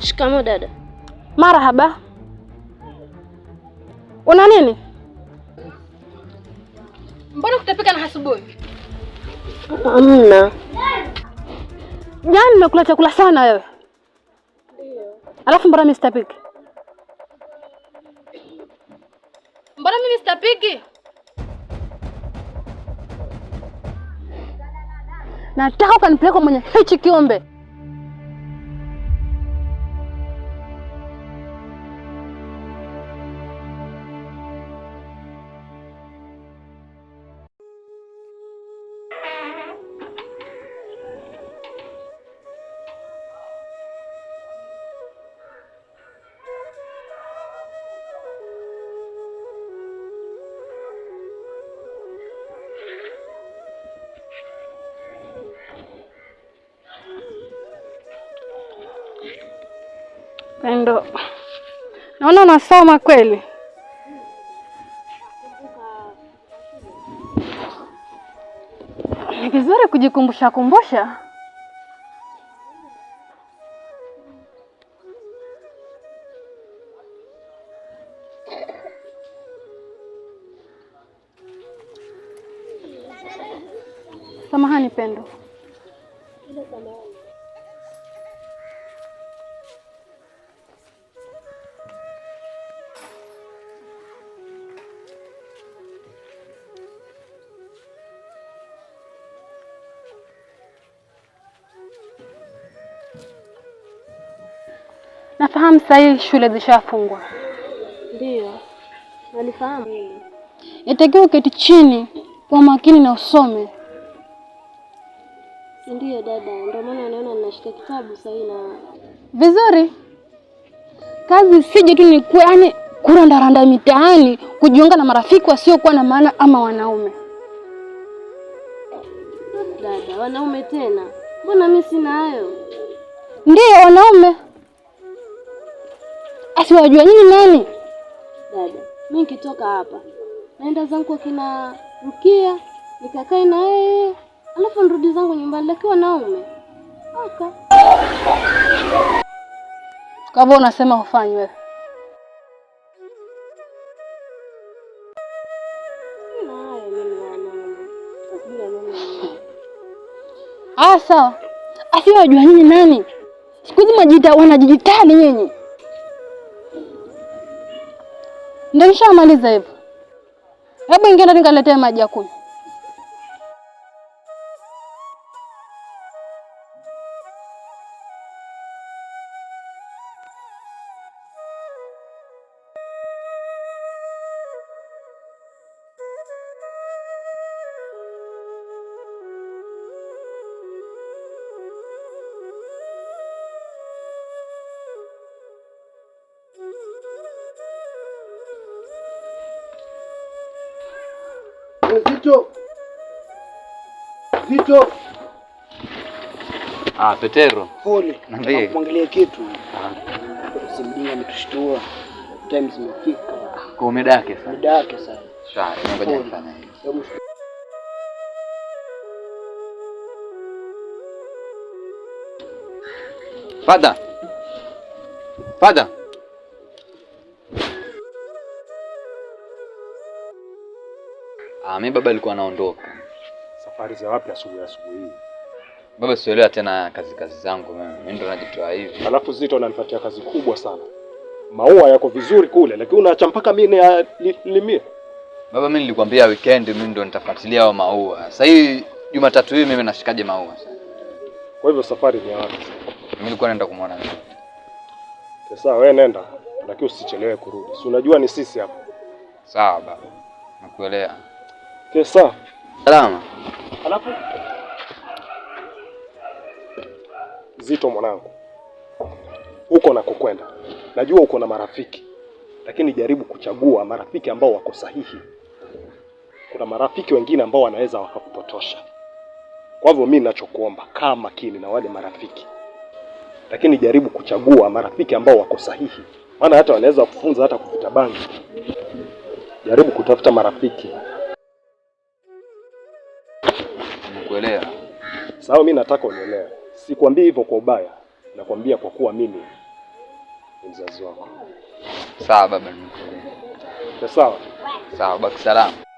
Shikamo dada. Marahaba. Una nini? Mbona kutapika na asubuhi? amna Jana yaani nimekula chakula sana wewe. Ndio. Alafu mbona mimi sitapiki? Mbona mimi sitapiki? Nataka ukanipeleka mwenye hichi kiumbe. Pendo, naona unasoma kweli. Ni vizuri kujikumbusha kumbusha. Samahani Pendo. Nafahamu sasa hii shule zishafungwa. Ndio. Nalifahamu. Yatakiwa uketi chini kwa makini na usome. Ndiyo dada, ndio maana naona ninashika kitabu sasa hii na vizuri. Kazi sije tu ni yaani kurandaranda mitaani kujiunga na marafiki wasiokuwa na maana ama wanaume. Dada, wanaume tena? Mbona mimi sina hayo? Ndiyo, wanaume asiwajua nyinyi nani? Dada, mimi nikitoka hapa naenda zangu kina Rukia nikakae na yeye alafu nirudi zangu nyumbani, lakini wanaume aka kama unasema ufanye wewe Aya, sawa. Asiwajua nyinyi nani? Siku hizi wanajijitaa nyinyi Ndio nishamaliza hivyo. Hebu ingia ndani, kaletea maji ya kunywa. Zito, Zito. Ah, Petero, pole, mwangalie kitu ah. simdinga, ametushtua time zimefika kwa medake sasa, medake sasa, ngoja nifanye hivi Fadha. Fadha. Ah, mimi baba alikuwa anaondoka. Safari za wapi asubuhi asubuhi hii? Baba sielewa tena kazi kazi zangu mimi. Mimi ndo najitoa hivi. Alafu Zito ananipatia kazi kubwa sana. Maua yako vizuri kule lakini unaacha mpaka mimi nilimie. Baba mimi nilikwambia weekend mimi ndo nitafuatilia hao maua. Sasa hii Jumatatu hii mimi nashikaje maua sasa? Kwa hivyo safari ni wapi? Mimi nilikuwa naenda kumwona mimi. Sasa wewe nenda, lakini usichelewe kurudi. Si unajua ni sisi hapa. Sawa baba. Nakuelewa. Kesa. Salama. Alafu Zito mwanangu, uko nakokwenda, najua uko na marafiki, lakini jaribu kuchagua marafiki ambao wako sahihi. Kuna marafiki wengine ambao wanaweza wakakupotosha. Kwa hivyo, mimi ninachokuomba, kaa makini na wale marafiki, lakini jaribu kuchagua marafiki ambao wako sahihi, maana hata wanaweza kufunza hata kuvuta bangi. Jaribu kutafuta marafiki Sasa mimi nataka unielewe, sikwambii hivyo kwa ubaya, nakwambia kwa kuwa mimi ni mzazi wako. Sawa baba, nikuelewa. Sawa sawa, baki salama.